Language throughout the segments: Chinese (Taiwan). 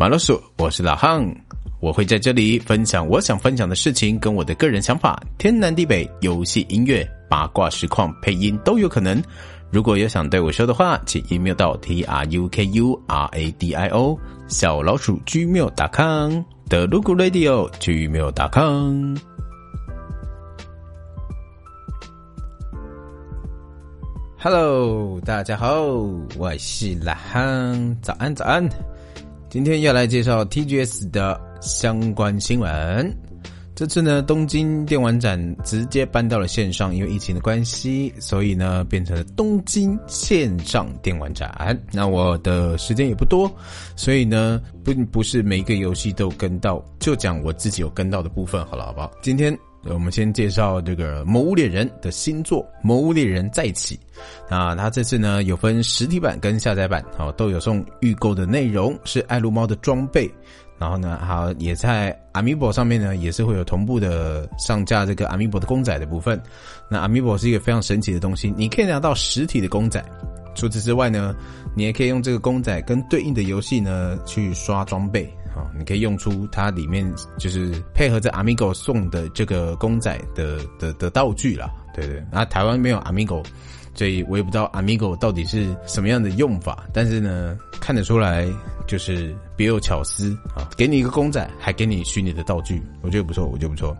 馬老鼠，我是老漢，我會在這裡分享我想分享的事情跟我的個人想法，天南地北、遊戲、音樂、八卦、實況、配音都有可能。如果有想對我說的話，請 email 到 t r u k u r a d i o 小老鼠 g m a 居妙達康的 look radio 居妙達康。Hello，大家好，我是老漢，早安，早安。今天要來介紹 TGS 的相關新聞。這次呢，東京電玩展直接搬到了線上，因為疫情的關係，所以呢，變成了東京線上電玩展。那我的時間也不多，所以呢，不，不是每一個遊戲都跟到，就講我自己有跟到的部分好了，好不好？今天。我們先介紹這個《魔物獵人》的新作《魔物獵人再起》，啊，它這次呢有分實體版跟下載版，好，都有送預購的內容，是艾露貓的裝備。然後呢，好，也在 Amiibo 上面呢，也是會有同步的上架這個 Amiibo 的公仔的部分。那 Amiibo 是一個非常神奇的東西，你可以拿到實體的公仔。除此之外呢，你也可以用這個公仔跟對應的遊戲呢去刷裝備。你可以用出它裡面就是配合着 Amigo 送的這個公仔的的的道具啦，對對、對。然、啊、後台灣沒有 Amigo，所以我也不知道 Amigo 到底是什麼樣的用法。但是呢，看得出來就是別有巧思啊，給你一個公仔，還給你虛擬的道具，我覺得不錯，我覺得不錯。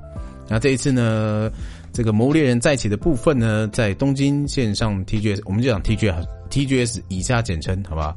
那這一次呢，這個《魔物獵人》再起的部分呢，在東京線上 TGS，我們就講 TGS，TGS 以下簡稱，好不好？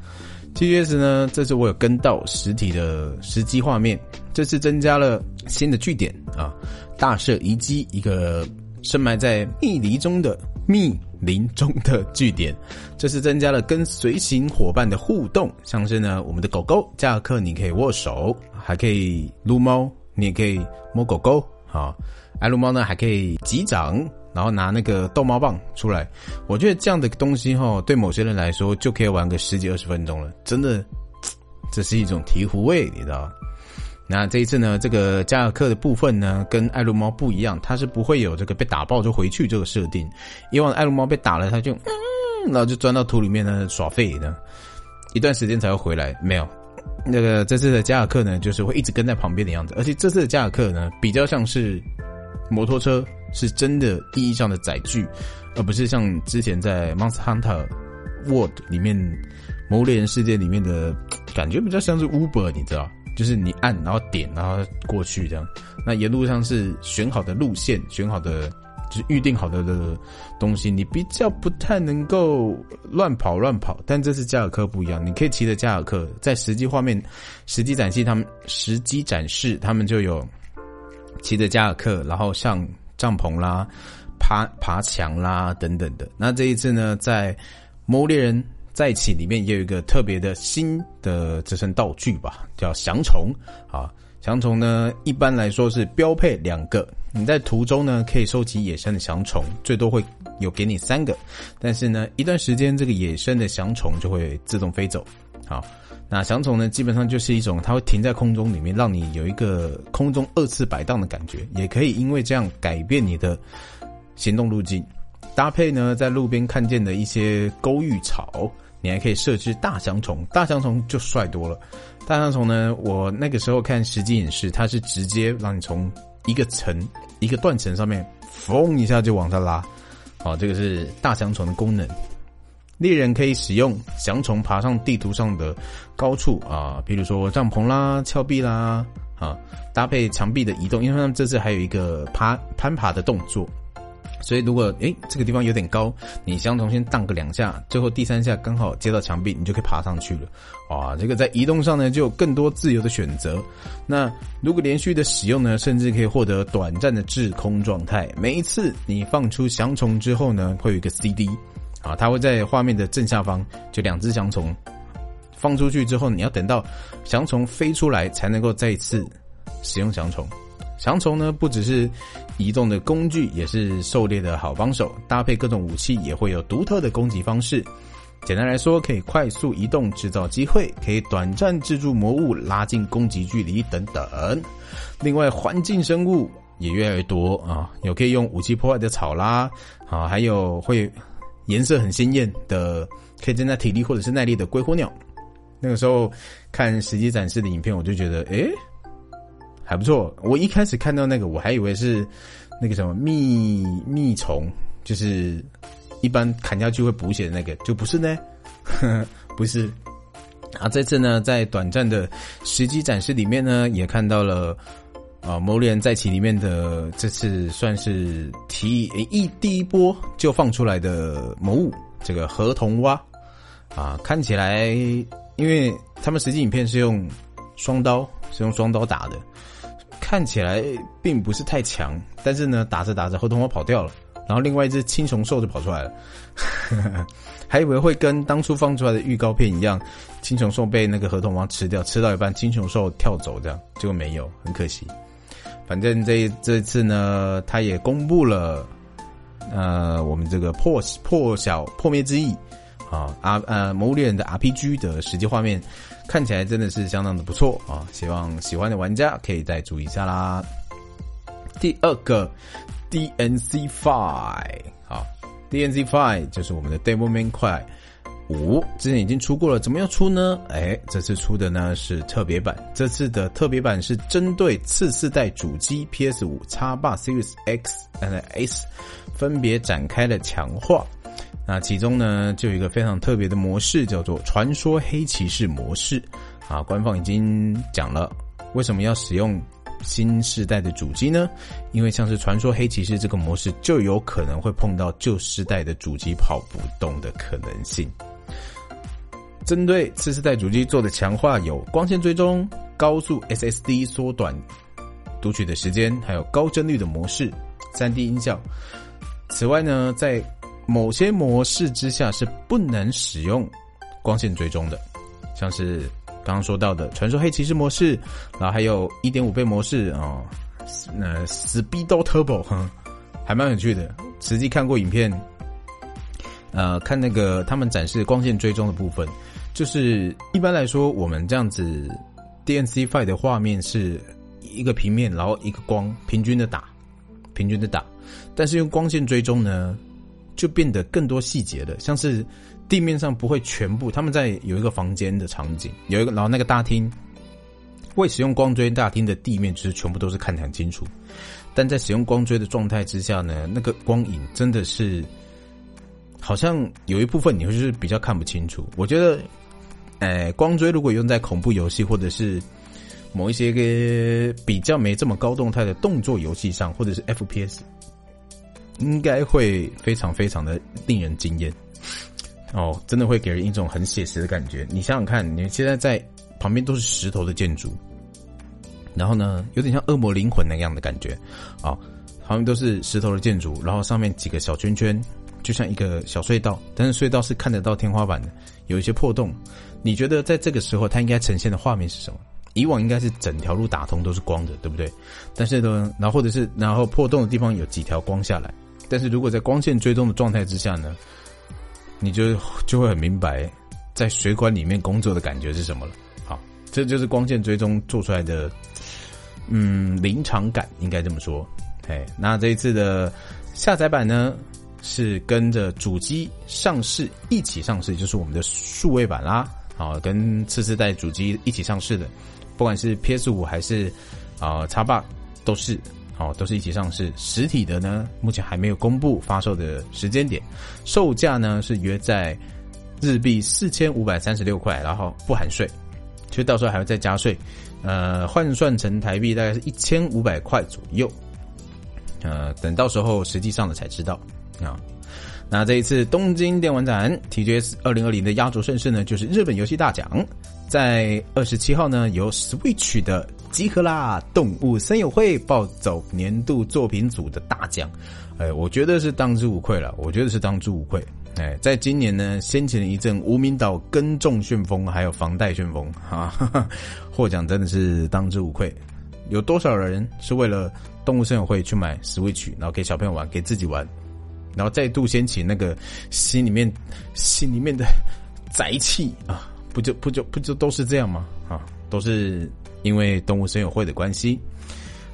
T.S 呢？這次我有跟到實體的實機畫面，這次增加了新的據點啊，大社遺迹，一個深埋在密林中的密林中的據點。這次增加了跟隨行夥伴的互動，像是呢我們的狗狗，下課你可以握手，還可以擼貓，你也可以摸狗狗啊。愛擼貓呢還可以擊掌。然後拿那個逗貓棒出來，我覺得這樣的東西哈，對某些人來說就可以玩個十幾二十分鐘了。真的，這是一種醍醐味，你知道嗎？那這一次呢，這個加爾克的部分呢，跟艾露貓不一樣，它是不會有這個被打爆就回去這個設定，以往艾露貓被打了，它就嗯，然後就鑽到土裡面呢耍廢呢，一段時間才會回來。沒有，那個這次的加爾克呢，就是會一直跟在旁邊的樣子，而且這次的加爾克呢，比較像是。摩托車是真的意義上的載具，而不是像之前在《Monster Hunter World》裡面《魔物獵人世界》裡面的感覺，比較像是 Uber，你知道，就是你按，然後點，然後過去這樣。那沿路上是選好的路線，選好的就是預定好的的東西，你比較不太能夠亂跑亂跑。但這次加爾克不一樣，你可以騎着加爾克，在實際畫面、實際展現他們，實際展示他們就有。騎着加爾克，然後上帳篷啦，爬爬牆啦等等的。那這一次呢，在《魔獵人再起》裡面也有一個特別的新的這身道具吧，叫翔蟲啊。翔蟲呢，一般來說是標配兩個。你在途中呢，可以收集野生的翔蟲，最多會有給你三個。但是呢，一段時間這個野生的翔蟲就會自動飛走。好，那翔蟲呢，基本上就是一種，它會停在空中裡面，讓你有一個空中二次擺盪的感覺，也可以因為這樣改變你的行動路徑。搭配呢，在路邊看見的一些勾玉草。你還可以設置大翔蟲，大翔蟲就帥多了。大翔蟲呢，我那個時候看實際演示，它是直接讓你從一個層、一個斷層上面，嘣一下就往上拉。啊、哦，這個是大翔蟲的功能。獵人可以使用翔蟲爬上地圖上的高處啊，呃、比如說帳篷啦、峭壁啦啊，搭配牆壁的移動，因為他們這次還有一個爬攀爬的動作。所以，如果哎、欸、這個地方有點高，你翔蟲先盪個兩下，最後第三下剛好接到牆壁，你就可以爬上去了。哇、哦，這個在移動上呢就有更多自由的選擇。那如果連續的使用呢，甚至可以獲得短暫的滯空狀態。每一次你放出翔蟲之後呢，會有一個 CD，啊，它會在畫面的正下方，就兩隻翔蟲放出去之後，你要等到翔蟲飛出來才能夠再一次使用翔蟲。翔蟲呢，不只是移動的工具，也是狩獵的好幫手。搭配各種武器，也會有獨特的攻擊方式。簡單來說，可以快速移動制造機會，可以短暫制住魔物，拉近攻擊距離等等。另外，環境生物也越來越多啊，有可以用武器破壞的草啦，啊，還有會顏色很鮮豔的，可以增加體力或者是耐力的鬼火鳥。那個時候看實際展示的影片，我就覺得，誒、欸。還不錯，我一開始看到那個我還以為是，那個什麼蜜蜜蟲，就是一般砍掉就會補血的那個，就不是呢， 不是。啊，這次呢，在短暫的實機展示裡面呢，也看到了啊，摩、呃、連在其裡面的這次算是提、欸、一第一波就放出來的魔物，這個河童蛙啊，看起來，因為他們實際影片是用雙刀，是用雙刀打的。看起來並不是太強，但是呢，打着打着，河童蛙跑掉了，然後另外一隻青熊獸就跑出來了， 還以為會跟當初放出來的預告片一樣，青熊獸被那個河童蛙吃掉，吃到一半青熊獸跳走掉，結果沒有，很可惜。反正這這次呢，他也公布了，呃，我們這個破破曉破滅之翼啊啊，呃、啊，魔物獵人的 RPG 的實際畫面。看起來真的是相當的不錯啊、哦！希望喜歡的玩家可以再注意一下啦。第二個 D M C Five 好 D M C Five 就是我們的《Devil May Cry》五，之前已經出過了，怎麼又出呢？哎，這次出的呢是特別版，這次的特別版是針對次世代主機 P S 五、Xbox Series X and S 分別展開了強化。那其中呢，就有一個非常特別的模式，叫做“傳說黑騎士模式”。啊，官方已經講了為什麼要使用新世代的主機呢？因為像是“傳說黑騎士”這個模式，就有可能會碰到舊世代的主機跑不動的可能性。針對次世代主機做的強化有光線追蹤、高速 SSD 縮短讀取的時間，還有高幀率的模式、3D 音效。此外呢，在某些模式之下是不能使用光線追蹤的，像是剛剛說到的傳說黑騎士模式，然後還有一點五倍模式哦，那、呃、Speedo Turbo 哈，還蠻有趣的。實際看過影片，呃，看那個他們展示光線追蹤的部分，就是一般來說我們這樣子 DMC5 的畫面是一個平面，然後一個光平均的打，平均的打，但是用光線追蹤呢，就變得更多細節了，像是地面上不會全部，他們在有一個房間的場景，有一個然後那個大廳，未使用光追，大廳的地面其實全部都是看得很清楚，但在使用光追的狀態之下呢，那個光影真的是好像有一部分你會就是比較看不清楚。我覺得，哎、呃，光追如果用在恐怖遊戲或者是某一些個比較沒這麼高動態的動作遊戲上，或者是 FPS。應該會非常非常的令人驚艷哦，真的會給人一種很寫實的感覺。你想想看，你現在在旁邊都是石頭的建築，然後呢，有點像惡魔靈魂那樣的感覺啊，旁邊都是石頭的建築，然後上面幾個小圈圈，就像一個小隧道，但是隧道是看得到天花板的，有一些破洞。你覺得在這個時候，它應該呈現的畫面是什麼？以往應該是整條路打通都是光的，對不對？但是呢，然後或者是然後破洞的地方有幾條光下來。但是如果在光線追蹤的狀態之下呢，你就就會很明白在水管裡面工作的感覺是什麼了。好，這就是光線追蹤做出來的，嗯，臨場感應該這麼說。哎，那這一次的下載版呢，是跟着主機上市一起上市，就是我們的數位版啦。啊，跟次世代主機一起上市的，不管是 PS 五還是啊插霸都是。哦，都是一起上市。實體的呢，目前還沒有公布發售的時間點，售價呢是約在日幣四千五百三十六塊，然後不含稅，其實到時候還要再加稅，呃，換算成台幣大概是一千五百塊左右，呃，等到時候實際上了才知道啊、哦。那這一次東京電玩展 TGS 二零二零的壓軸盛事呢，就是日本遊戲大獎，在二十七號呢由 Switch 的。集合啦！動物森友會抱走年度作品組的大獎，哎、欸，我覺得是當之無愧了。我覺得是當之無愧。哎、欸，在今年呢，掀起了一陣無名島耕種旋風，還有房貸旋風啊！哈哈，獲獎真的是當之無愧。有多少人是為了動物森友會去買 Switch，然後給小朋友玩，給自己玩，然後再度掀起那個心裡面心裡面的宅氣啊？不就不就不就都是這樣嗎？啊，都是。因為動物森友會的關係，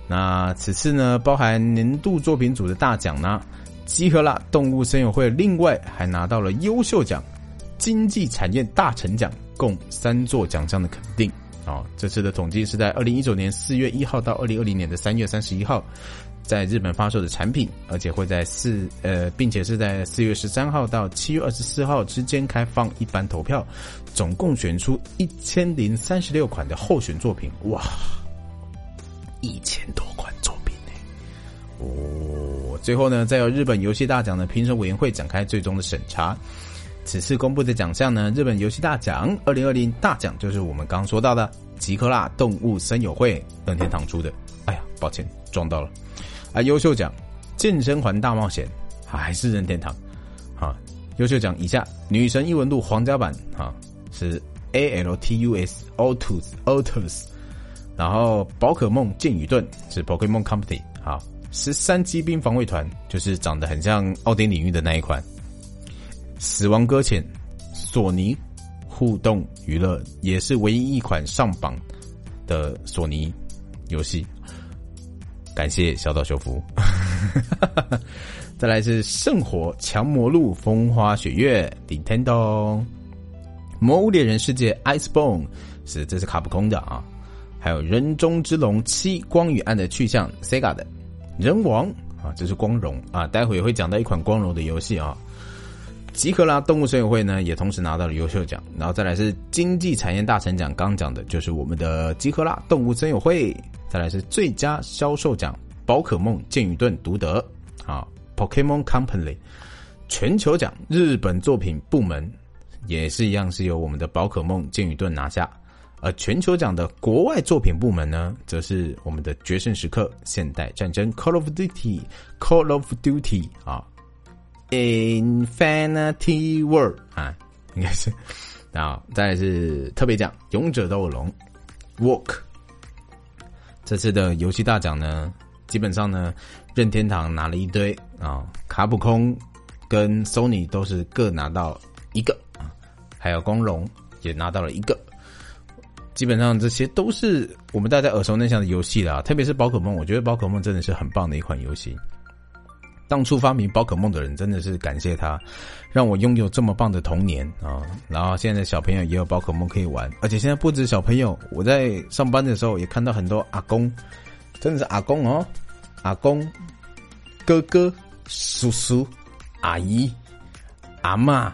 那此次呢，包含年度作品組的大獎呢，集合了動物森友會，另外還拿到了優秀獎、經濟產業大臣獎，共三座獎項的肯定。哦，這次的統計是在二零一九年四月一號到二零二零年的三月三十一號，在日本發售的產品，而且會在四呃，並且是在四月十三號到七月二十四號之間開放一般投票，總共選出一千零三十六款的候選作品，哇，一千多款作品呢！哦，最後呢，再由日本遊戲大獎的評審委員會展開最終的審查。此次公布的獎項呢，日本遊戲大獎二零二零大獎就是我們剛說到的《集合啦動物森友會》，任天堂出的。哎呀，抱歉撞到了啊！優秀獎《健身環大冒險》啊，還是任天堂。啊，優秀獎以下，《女神異聞錄皇家版》啊是 Atlus Atlus Atlus，然後《寶可夢劍與盾》是寶可夢 Company。啊，十三機兵防衛團就是長得很像奧丁領域的那一款。死亡擱淺，索尼互動娛樂也是唯一一款上榜的索尼遊戲。感謝小島秀夫。 再來是聖火降魔錄、風花雪月，Nintendo，魔物獵人世界，Iceborne 是，這是卡普空的啊，還有人中之龍七光與暗的去向，Sega 的。人，仁王啊這是光榮啊，待會也會講到一款光榮的遊戲啊。集合啦動物森友會呢，也同時拿到了優秀獎。然後再來是經濟產業大臣獎，剛講的就是我們的集合啦動物森友會。再來是最佳銷售獎，寶可夢劍與盾獨得啊。Pokemon Company 全球獎日本作品部門也是一樣是由我們的寶可夢劍與盾拿下。而全球獎的國外作品部門呢，則是我們的決勝時刻現代戰爭 Call of Duty Call of Duty 啊。Infinity War 啊，應該是，然後再是特別獎《勇者鬥惡龍》Walk。這次的遊戲大獎呢，基本上呢，任天堂拿了一堆啊，卡普空跟 Sony 都是各拿到一個啊，還有光榮也拿到了一個。基本上這些都是我們大家耳熟能詳的遊戲了啊，特別是《寶可夢》，我覺得《寶可夢》真的是很棒的一款遊戲。當初發明寶可夢的人真的是感謝他，讓我擁有這麼棒的童年啊，哦！然後現在的小朋友也有寶可夢可以玩，而且現在不止小朋友，我在上班的時候也看到很多阿公，真的是阿公哦，阿公，哥哥、叔叔、阿姨、阿嬤，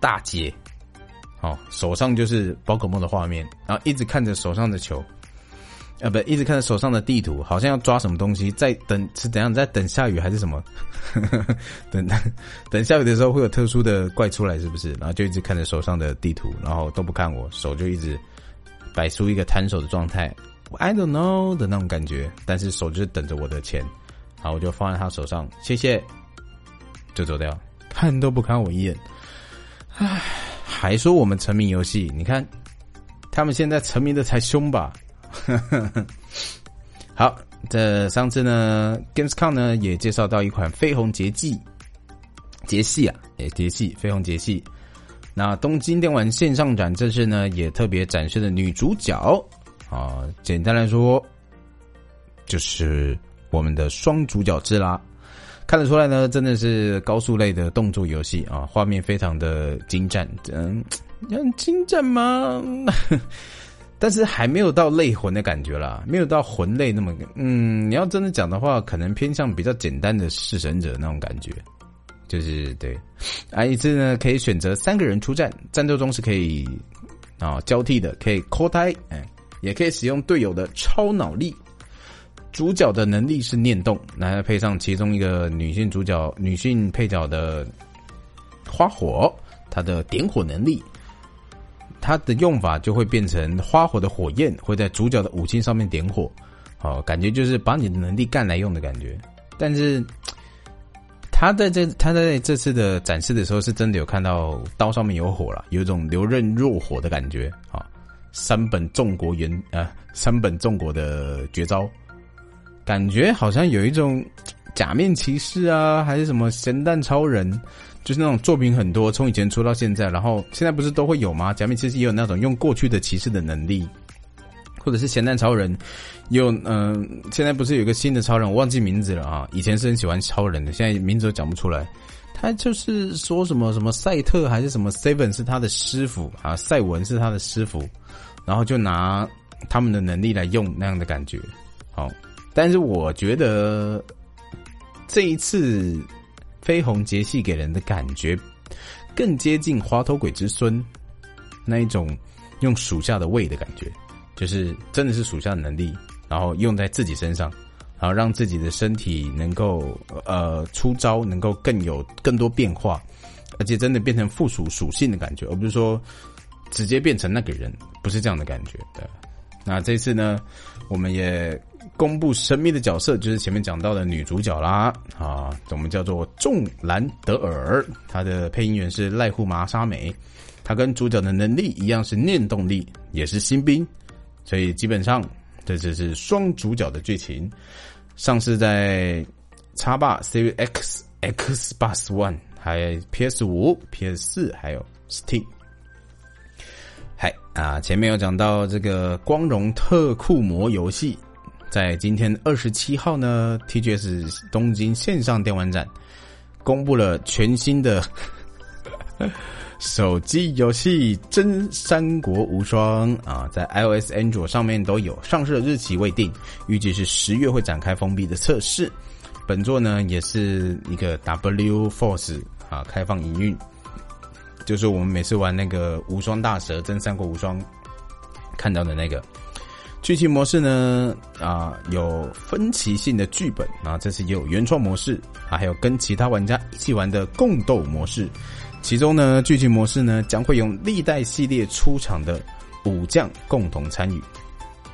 大姐，哦，手上就是寶可夢的畫面，然後一直看着手上的球。啊不，一直看着手上的地圖，好像要抓什麼東西，在等是怎樣？在等下雨還是什麼？ 等等，等下雨的時候會有特殊的怪出來，是不是？然後就一直看着手上的地圖，然後都不看我，手就一直擺出一個攤手的狀態，I don't know 的那種感覺，但是手就是等着我的錢，好，我就放在他手上，謝謝，就走掉，看都不看我一眼，唉，還說我們沉迷遊戲，你看他們現在沉迷的才凶吧。 好，這上次呢，Gamescom 呢也介紹到一款飛跡、啊《緋紅結繫》，結繫啊，也結繫，緋紅結繫。那東京電玩線上展這次呢也特別展示了女主角啊、哦，簡單來說就是我們的雙主角制啦。看得出來呢，真的是高速類的動作遊戲啊、哦，畫面非常的精湛，嗯，很精湛嗎？ 但是還沒有到類魂的感覺啦，沒有到魂類那麼，嗯，你要真的講的話，可能偏向比較簡單的弒神者那種感覺，就是對。啊，一次呢，可以選擇三個人出戰，戰鬥中是可以啊、哦、交替的，可以 call 胎、欸、也可以使用隊友的超腦力。主角的能力是念動，然後配上其中一個女性主角、女性配角的花火，她的點火能力，它的用法就會變成花火的火焰會在主角的武器上面點火，哦，感覺就是把你的能力幹來用的感覺。但是，他在這他在這次的展示的時候，是真的有看到刀上面有火了，有一種流刃若火的感覺啊、哦！三本眾國元啊、呃，三本眾國的絕招，感覺好像有一種假面騎士啊，還是什麼鹹蛋超人。就是那種作品很多，從以前出到現在，然後現在不是都會有嗎？假面騎士也有那種用過去的騎士的能力，或者是鹹蛋超人有嗯、呃，現在不是有一個新的超人，我忘記名字了啊！以前是很喜歡超人的，現在名字都講不出來。他就是說什麼什麼賽特還是什麼賽文是他的師傅啊，賽文是他的師傅，然後就拿他們的能力來用那樣的感覺。好，但是我覺得這一次。緋紅結繫給人的感覺，更接近滑頭鬼之孫那一種用屬下的畏的感覺，就是真的是屬下的能力，然後用在自己身上，然後讓自己的身體能夠呃出招，能夠更有更多變化，而且真的變成附屬屬性的感覺，而不是說直接變成那個人，不是這樣的感覺。對，那這次呢，我們也。公布神秘的角色，就是前面講到的女主角啦。啊，我們叫做仲蘭德爾，她的配音員是瀨戶麻沙美。她跟主角的能力一樣是念動力，也是新兵，所以基本上這只是雙主角的劇情。上市在 Xbox Series X、Xbox One，還有 PS 五、PS 四，還有，有 Steam。Hi, 啊，前面有講到這個光《光榮特庫摩》遊戲。在今天二十七號呢，TGS 東京線上電玩展公布了全新的 手機遊戲《真三國無雙》啊，在 iOS、Android 上面都有，上市的日期未定，預計是十月會展開封閉的測試。本作呢也是一個 W Force 啊，開放營運，就是我們每次玩那個無雙大蛇《真三國無雙》看到的那個。劇情模式呢，啊有分歧性的劇本啊，這次也有原創模式啊，還有跟其他玩家一起玩的共鬥模式。其中呢，劇情模式呢將會用歷代系列出場的武將共同參與。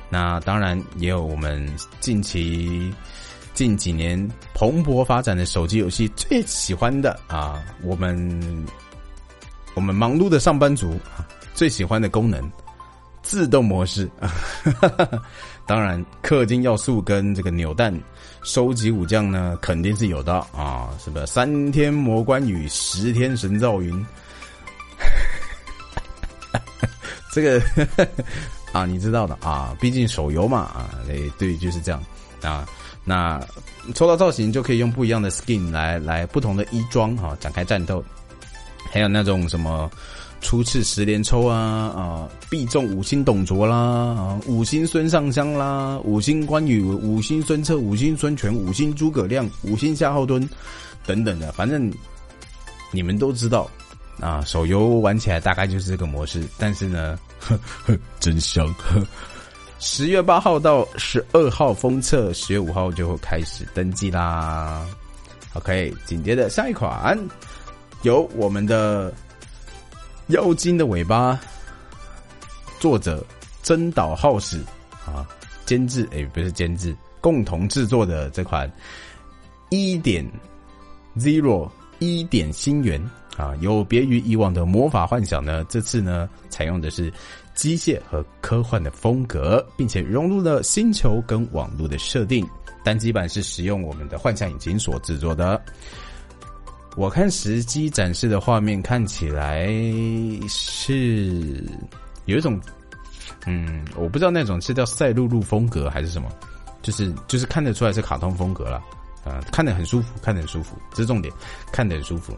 那當然也有我們近期近幾年蓬勃發展的手機遊戲最喜歡的啊，我們我們忙碌的上班族，啊，最喜歡的功能。自動模式啊， 當然氪金要素跟這個扭蛋收集武將呢，肯定是有的啊，是不是三天魔關羽，十天神趙雲， 這個啊，你知道的啊，畢竟手遊嘛啊，誒，對，就是這樣啊。那抽到造型就可以用不一樣的 skin 來來不同的衣裝哈、啊，展開戰鬥，還有那種什麼。初次十連抽啊啊，必中五星董卓啦，啊、五星孫尚香啦，五星關羽，五星孫策，五星孫權，五星諸葛亮，五星夏侯惇等等的，反正你們都知道啊。手遊玩起來大概就是這個模式，但是呢，呵呵，真香。呵，十月八號到十二號封測，十月五號就會開始登記啦。OK，緊接着下一款有我們的。妖精的尾巴，作者真島浩史啊，監製誒，不是監製，共同製作的這款一點 zero 一點星元啊，有別於以往的魔法幻想呢，這次呢採用的是機械和科幻的風格，並且融入了星球跟網絡的設定。單機版是使用我們的幻想引擎所制作的。我看實際展示的畫面看起來是有一種，嗯，我不知道那種是叫賽璐璐風格還是什麼，就是就是看得出來是卡通風格了，啊、呃，看得很舒服，看得很舒服，這是重點，看得很舒服。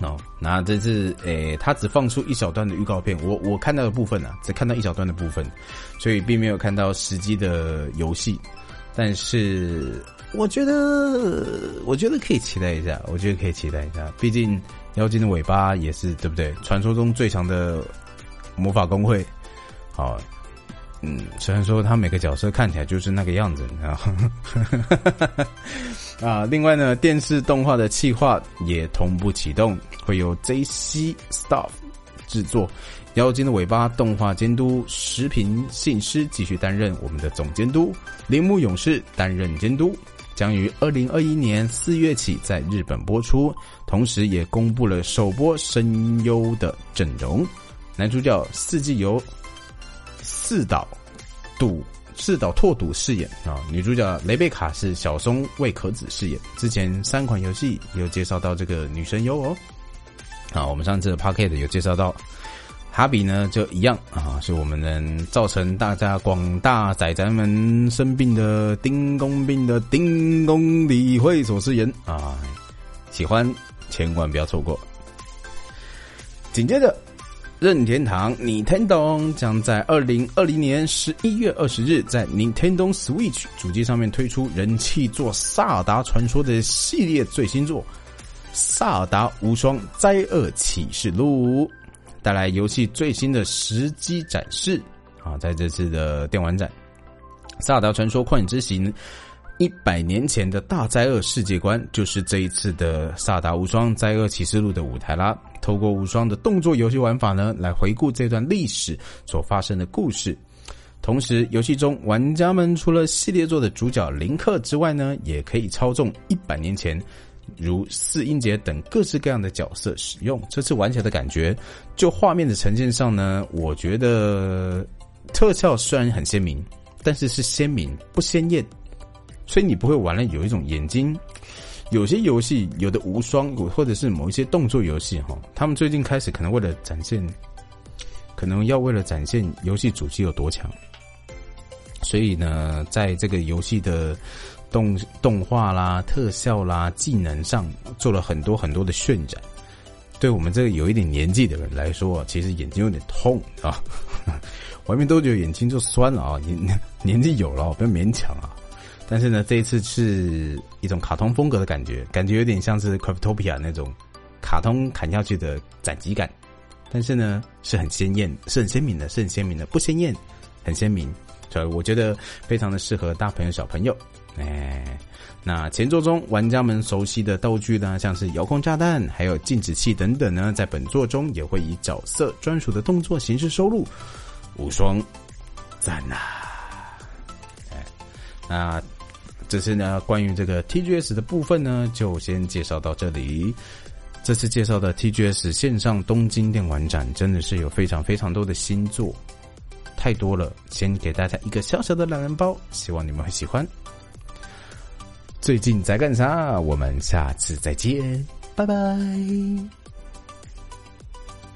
哦，那這次誒、欸，他只放出一小段的預告片，我我看到的部分呢、啊，只看到一小段的部分，所以並沒有看到實際的遊戲。但是，我覺得，我覺得可以期待一下，我覺得可以期待一下。畢竟，妖精的尾巴也是對不對？傳說中最強的魔法公會。好、啊，嗯，雖然說他每個角色看起來就是那個樣子，啊。 啊，另外呢，電視動畫的企劃也同步啟動，會由 J.C. Staff 製作。妖精的尾巴動畫監督石平信司繼續擔任我們的總監督，鈴木勇士擔任監督，將於二零二一年四月起在日本播出。同時，也公布了首播聲優的陣容，男主角四季由四島堵、四島拓堵飾演啊，女主角雷貝卡是小松未可子飾演。之前三款遊戲有介紹到這個女聲優哦，啊，我們上次 Parker 的有介紹到。哈比呢，就一樣啊，是我們能造成大家廣大仔仔們生病的丁公病的丁公，理會所之人啊，喜歡千萬不要錯過。緊接着，任天堂 Nintendo 將在二零二零年十一月二十日在 Nintendo Switch 主機上面推出人氣作《薩爾達傳說》的系列最新作《薩爾達無雙災厄啟示錄》。帶來遊戲最新的實機展示啊，在這次的電玩展，《薩達傳說：曠野之行》一百年前的大災厄世界觀，就是這一次的《薩達無雙：災厄啟示錄》的舞台啦。透過無雙的動作遊戲玩法呢，來回顧這段歷史所發生的故事。同時，遊戲中玩家們除了系列作的主角林克之外呢，也可以操縱一百年前。如四音節等各式各樣的角色使用，這次玩起來的感覺，就畫面的呈現上呢，我覺得特效雖然很鮮明，但是是鮮明不鮮豔，所以你不會玩了有一種眼睛。有些遊戲有的無雙或者是某一些動作遊戲哈、哦，他們最近開始可能為了展現，可能要為了展現遊戲主機有多強，所以呢，在這個遊戲的。動動畫啦、特效啦、技能上做了很多很多的渲染，對我們這個有一點年紀的人來說，其實眼睛有點痛啊。 玩沒多久眼睛就酸了啊，年年紀有了，不要勉強啊。但是呢，這一次是一種卡通風格的感覺，感覺有點像是《Craftopia》那種卡通砍下去的斬擊感。但是呢，是很鮮豔、是很鮮明的，是很鮮明的，不鮮豔，很鮮明。所以我覺得非常的適合大朋友小朋友。哎，那前作中玩家們熟悉的道具呢，像是遙控炸彈、還有靜止器等等呢，在本作中也會以角色專屬的動作形式收錄。無雙，讚吶，啊！哎，那這次呢，關於這個 TGS 的部分呢，就先介紹到這裡。這次介紹的 TGS 線上東京電玩展真的是有非常非常多的新作。太多了，先給大家一個小小的懶人包，希望你們會喜歡。最近在幹啥？我們下次再見，拜拜。